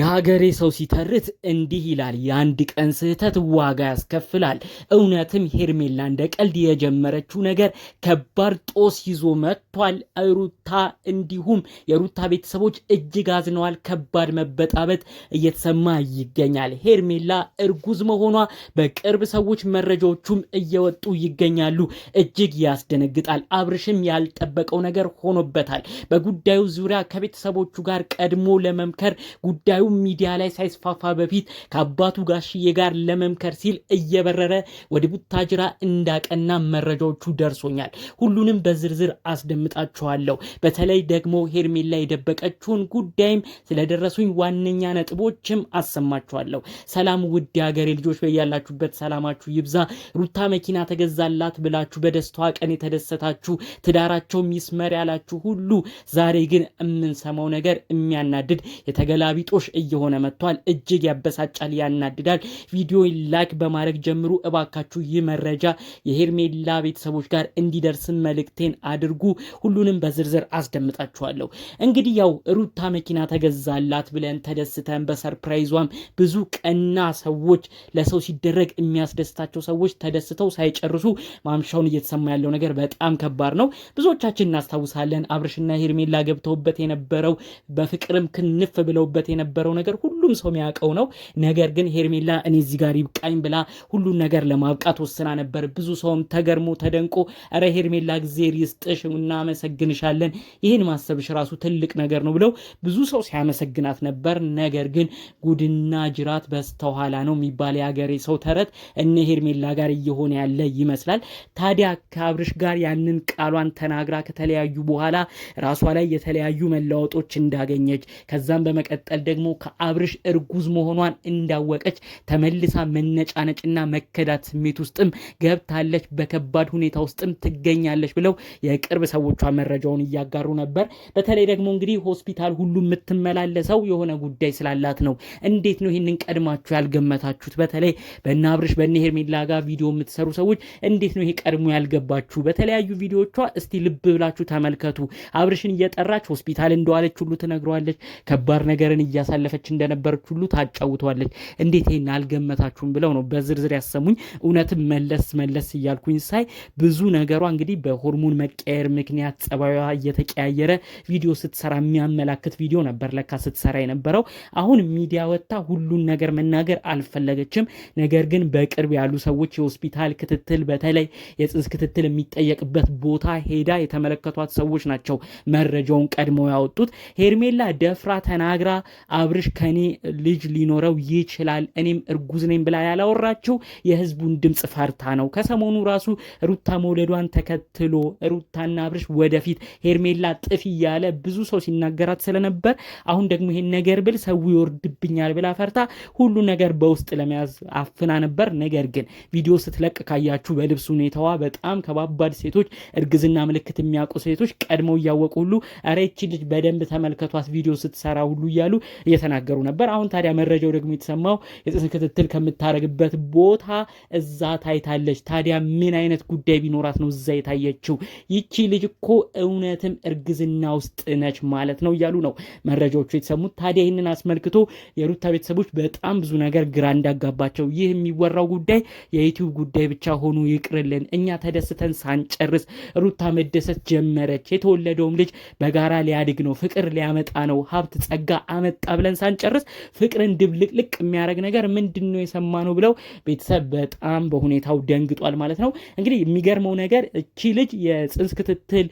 የሀገሬ ሰው ሲተርት እንዲህ ይላል፣ የአንድ ቀን ስህተት ዋጋ ያስከፍላል። እውነትም ሄርሜላ እንደ ቀልድ የጀመረችው ነገር ከባድ ጦስ ይዞ መጥቷል። ሩታ እንዲሁም የሩታ ቤተሰቦች እጅግ አዝነዋል። ከባድ መበጣበጥ እየተሰማ ይገኛል። ሄርሜላ እርጉዝ መሆኗ በቅርብ ሰዎች መረጃዎቹም እየወጡ ይገኛሉ። እጅግ ያስደነግጣል። አብርሽም ያልጠበቀው ነገር ሆኖበታል። በጉዳዩ ዙሪያ ከቤተሰቦቹ ጋር ቀድሞ ለመምከር ጉዳዩ ጉዳዩ ሚዲያ ላይ ሳይስፋፋ በፊት ከአባቱ ጋሽዬ ጋር ለመምከር ሲል እየበረረ ወደ ቡታጅራ እንዳቀና መረጃዎቹ ደርሶኛል። ሁሉንም በዝርዝር አስደምጣችኋለሁ። በተለይ ደግሞ ሄርሜላ የደበቀችውን ጉዳይም ስለደረሱኝ ዋነኛ ነጥቦችም አሰማችኋለሁ። ሰላም ውድ የሀገሬ ልጆች፣ በያላችሁበት ሰላማችሁ ይብዛ። ሩታ መኪና ተገዛላት ብላችሁ በደስታዋ ቀን የተደሰታችሁ ትዳራቸው ሚስመር ያላችሁ ሁሉ ዛሬ ግን የምንሰማው ነገር የሚያናድድ የተገላቢጦሽ እየሆነ መጥቷል። እጅግ ያበሳጫል፣ ያናድዳል። ቪዲዮ ላይክ በማድረግ ጀምሩ እባካችሁ። ይህ መረጃ የሄርሜላ ቤተሰቦች ጋር እንዲደርስን መልእክቴን አድርጉ። ሁሉንም በዝርዝር አስደምጣችኋለሁ። እንግዲህ ያው ሩታ መኪና ተገዛላት ብለን ተደስተን በሰርፕራይዟም ብዙ ቀና ሰዎች ለሰው ሲደረግ የሚያስደስታቸው ሰዎች ተደስተው ሳይጨርሱ ማምሻውን እየተሰማ ያለው ነገር በጣም ከባድ ነው። ብዙዎቻችን እናስታውሳለን አብርሽና ሄርሜላ ገብተውበት የነበረው በፍቅርም ክንፍ ብለውበት የነበረው የነበረው ነገር ሁሉም ሰው የሚያውቀው ነው። ነገር ግን ሄርሜላ እኔ እዚህ ጋር ይብቃኝ ብላ ሁሉን ነገር ለማብቃት ወስና ነበር። ብዙ ሰውም ተገርሞ ተደንቆ ረ ሄርሜላ እግዜር ይስጥሽ እናመሰግንሻለን፣ ይህን ማሰብሽ ራሱ ትልቅ ነገር ነው ብለው ብዙ ሰው ሲያመሰግናት ነበር። ነገር ግን ጉድና ጅራት በስተኋላ ነው የሚባል የሀገሬ ሰው ተረት እነ ሄርሜላ ጋር እየሆነ ያለ ይመስላል። ታዲያ ከአብርሽ ጋር ያንን ቃሏን ተናግራ ከተለያዩ በኋላ ራሷ ላይ የተለያዩ መለዋወጦች እንዳገኘች ከዛም በመቀጠል ደግሞ ከአብርሽ እርጉዝ መሆኗን እንዳወቀች ተመልሳ መነጫነጭና መከዳት ስሜት ውስጥም ገብታለች፣ በከባድ ሁኔታ ውስጥም ትገኛለች ብለው የቅርብ ሰዎቿ መረጃውን እያጋሩ ነበር። በተለይ ደግሞ እንግዲህ ሆስፒታል ሁሉ የምትመላለሰው የሆነ ጉዳይ ስላላት ነው። እንዴት ነው ይህንን ቀድማችሁ ያልገመታችሁት? በተለይ በእነ አብርሽ በእነ ሄርሜላ ጋር ቪዲዮ የምትሰሩ ሰዎች እንዴት ነው ይሄ ቀድሞ ያልገባችሁ? በተለያዩ ቪዲዮቿ እስቲ ልብ ብላችሁ ተመልከቱ። አብርሽን እየጠራች ሆስፒታል እንደዋለች ሁሉ ትነግረዋለች። ከባድ ነገርን እያሳለ እያሳለፈች እንደነበረች ሁሉ ታጫውተዋለች። እንዴት ይሄን አልገመታችሁም ብለው ነው በዝርዝር ያሰሙኝ። እውነትም መለስ መለስ እያልኩኝ ሳይ ብዙ ነገሯ እንግዲህ በሆርሞን መቀየር ምክንያት ጸባዩ እየተቀያየረ ቪዲዮ ስትሰራ የሚያመላክት ቪዲዮ ነበር ለካ ስትሰራ የነበረው። አሁን ሚዲያ ወጥታ ሁሉን ነገር መናገር አልፈለገችም። ነገር ግን በቅርብ ያሉ ሰዎች የሆስፒታል ክትትል በተለይ የጽንስ ክትትል የሚጠየቅበት ቦታ ሄዳ የተመለከቷት ሰዎች ናቸው መረጃውን ቀድሞ ያወጡት። ሄርሜላ ደፍራ ተናግራ አብርሽ ከኔ ልጅ ሊኖረው ይችላል እኔም እርጉዝ ነኝ ብላ ያላወራችው የህዝቡን ድምፅ ፈርታ ነው። ከሰሞኑ ራሱ ሩታ መውለዷን ተከትሎ ሩታና አብርሽ ወደፊት ሄርሜላ ጥፊ እያለ ብዙ ሰው ሲናገራት ስለነበር አሁን ደግሞ ይሄን ነገር ብል ሰው ይወርድብኛል ብላ ፈርታ ሁሉ ነገር በውስጥ ለመያዝ አፍና ነበር። ነገር ግን ቪዲዮ ስትለቅ ካያችሁ በልብስ ሁኔታዋ በጣም ከባባድ ሴቶች እርግዝና ምልክት የሚያውቁ ሴቶች ቀድመው እያወቁ ሁሉ ኧረ ይቺ ልጅ በደንብ ተመልከቷት ቪዲዮ ስትሰራ ሁሉ እያሉ እየተናገሩ ነበር። አሁን ታዲያ መረጃው ደግሞ የተሰማው የጽንስ ክትትል ከምታረግበት ቦታ እዛ ታይታለች። ታዲያ ምን አይነት ጉዳይ ቢኖራት ነው እዛ የታየችው? ይቺ ልጅ እኮ እውነትም እርግዝና ውስጥ ነች ማለት ነው እያሉ ነው መረጃዎቹ የተሰሙት። ታዲያ ይህንን አስመልክቶ የሩታ ቤተሰቦች በጣም ብዙ ነገር ግራ እንዳጋባቸው ይህ የሚወራው ጉዳይ የዩቲዩብ ጉዳይ ብቻ ሆኖ ይቅርልን፣ እኛ ተደስተን ሳንጨርስ ሩታ መደሰት ጀመረች፣ የተወለደውም ልጅ በጋራ ሊያድግ ነው፣ ፍቅር ሊያመጣ ነው፣ ሀብት ጸጋ አመጣ ብለን ሳንጨርስ ፍቅርን ድብልቅልቅ የሚያደርግ ነገር ምንድን ነው የሰማ ነው ብለው ቤተሰብ በጣም በሁኔታው ደንግጧል ማለት ነው። እንግዲህ የሚገርመው ነገር እቺ ልጅ የጽንስ ክትትል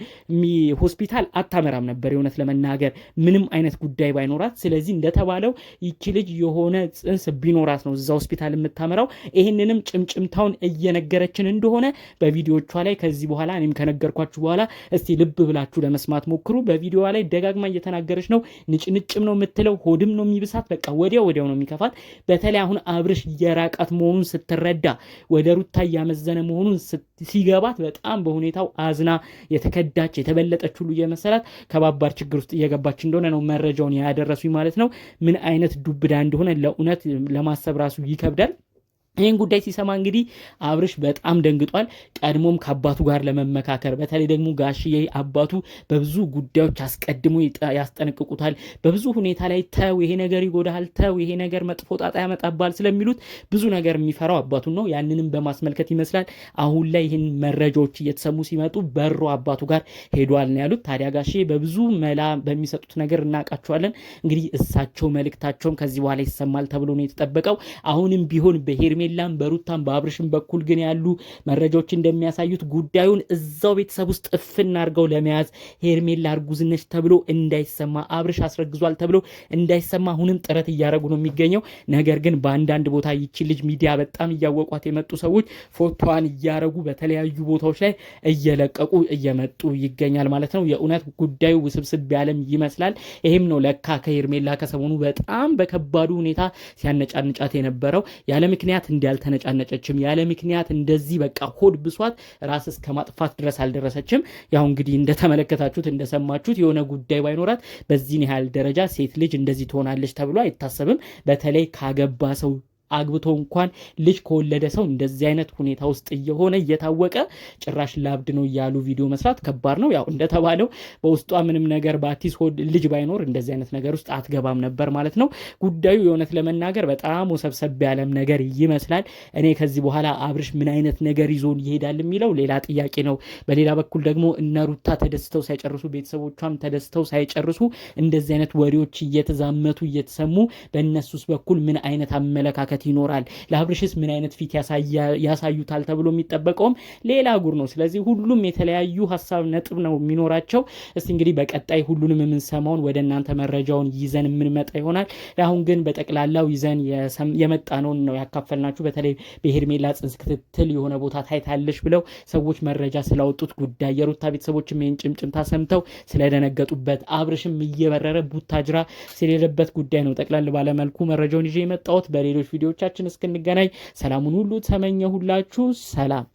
ሆስፒታል አታመራም ነበር የእውነት ለመናገር ምንም አይነት ጉዳይ ባይኖራት። ስለዚህ እንደተባለው ይቺ ልጅ የሆነ ጽንስ ቢኖራት ነው እዛ ሆስፒታል የምታመራው። ይህንንም ጭምጭምታውን እየነገረችን እንደሆነ በቪዲዮቿ ላይ ከዚህ በኋላ እኔም ከነገርኳችሁ በኋላ እስቲ ልብ ብላችሁ ለመስማት ሞክሩ። በቪዲዮዋ ላይ ደጋግማ እየተናገረች ነው። ንጭንጭም ነው የምትለው ሆዴ አውድም ነው የሚብሳት። በቃ ወዲያው ወዲያው ነው የሚከፋት። በተለይ አሁን አብርሽ እየራቃት መሆኑን ስትረዳ፣ ወደ ሩታ እያመዘነ መሆኑን ሲገባት በጣም በሁኔታው አዝና የተከዳች የተበለጠች ሁሉ እየመሰላት ከባባድ ችግር ውስጥ እየገባች እንደሆነ ነው መረጃውን ያደረሱኝ ማለት ነው። ምን አይነት ዱብዳ እንደሆነ ለእውነት ለማሰብ ራሱ ይከብዳል። ይህን ጉዳይ ሲሰማ እንግዲህ አብርሽ በጣም ደንግጧል። ቀድሞም ከአባቱ ጋር ለመመካከር በተለይ ደግሞ ጋሽዬ አባቱ በብዙ ጉዳዮች አስቀድሞ ያስጠነቅቁታል። በብዙ ሁኔታ ላይ ተው፣ ይሄ ነገር ይጎዳሃል፣ ተው፣ ይሄ ነገር መጥፎ ጣጣ ያመጣባል ስለሚሉት ብዙ ነገር የሚፈራው አባቱን ነው። ያንንም በማስመልከት ይመስላል አሁን ላይ ይህን መረጃዎች እየተሰሙ ሲመጡ በሮ አባቱ ጋር ሄዷል ነው ያሉት። ታዲያ ጋሽዬ በብዙ መላ በሚሰጡት ነገር እናውቃቸዋለን። እንግዲህ እሳቸው መልእክታቸውም ከዚህ በኋላ ይሰማል ተብሎ ነው የተጠበቀው። አሁንም ቢሆን በሄርሜ በሄርሜላም በሩታም በአብርሽም በኩል ግን ያሉ መረጃዎች እንደሚያሳዩት ጉዳዩን እዛው ቤተሰብ ውስጥ እፍን አድርገው ለመያዝ ሄርሜላ እርጉዝነች ተብሎ እንዳይሰማ፣ አብርሽ አስረግዟል ተብሎ እንዳይሰማ አሁንም ጥረት እያደረጉ ነው የሚገኘው። ነገር ግን በአንዳንድ ቦታ ይቺ ልጅ ሚዲያ በጣም እያወቋት የመጡ ሰዎች ፎቶዋን እያረጉ በተለያዩ ቦታዎች ላይ እየለቀቁ እየመጡ ይገኛል ማለት ነው። የእውነት ጉዳዩ ውስብስብ ያለም ይመስላል። ይህም ነው ለካ ከሄርሜላ ከሰሞኑ በጣም በከባዱ ሁኔታ ሲያነጫንጫት የነበረው ያለ ምክንያት እንዳልተነጫነጨችም ያለ ምክንያት እንደዚህ በቃ ሆድ ብሷት ራስ እስከ ማጥፋት ድረስ አልደረሰችም። ያው እንግዲህ እንደተመለከታችሁት እንደሰማችሁት የሆነ ጉዳይ ባይኖራት በዚህን ያህል ደረጃ ሴት ልጅ እንደዚህ ትሆናለች ተብሎ አይታሰብም። በተለይ ካገባ ሰው አግብቶ እንኳን ልጅ ከወለደ ሰው እንደዚህ አይነት ሁኔታ ውስጥ እየሆነ እየታወቀ ጭራሽ ላብድ ነው እያሉ ቪዲዮ መስራት ከባድ ነው። ያው እንደተባለው በውስጧ ምንም ነገር በአቲስ ሆድ ልጅ ባይኖር እንደዚህ አይነት ነገር ውስጥ አትገባም ነበር ማለት ነው። ጉዳዩ የእውነት ለመናገር በጣም ወሰብሰብ ያለም ነገር ይመስላል። እኔ ከዚህ በኋላ አብርሽ ምን አይነት ነገር ይዞን ይሄዳል የሚለው ሌላ ጥያቄ ነው። በሌላ በኩል ደግሞ እነ ሩታ ተደስተው ሳይጨርሱ ቤተሰቦቿም ተደስተው ሳይጨርሱ እንደዚህ አይነት ወሬዎች እየተዛመቱ እየተሰሙ በእነሱስ በኩል ምን አይነት አመለካከት ግንኙነት ይኖራል? ለአብርሽስ ምን አይነት ፊት ያሳዩታል ተብሎ የሚጠበቀውም ሌላ ጉር ነው። ስለዚህ ሁሉም የተለያዩ ሀሳብ ነጥብ ነው የሚኖራቸው። እስቲ እንግዲህ በቀጣይ ሁሉንም የምንሰማውን ወደ እናንተ መረጃውን ይዘን የምንመጣ ይሆናል። ለአሁን ግን በጠቅላላው ይዘን የመጣነውን ነው ያካፈልናችሁ። በተለይ በሄርሜላ ጽንስ ክትትል የሆነ ቦታ ታይታለች ብለው ሰዎች መረጃ ስላወጡት ጉዳይ የሩታ ቤተሰቦች ይህን ጭምጭምታ ሰምተው ስለደነገጡበት አብርሽም እየበረረ ቡታጅራ ስለሄደበት ጉዳይ ነው ጠቅላላ ባለመልኩ መረጃውን ይዤ የመጣሁት በሌሎች ቪዲዮቻችን እስክንገናኝ ሰላሙን ሁሉ ተመኘሁላችሁ። ሰላም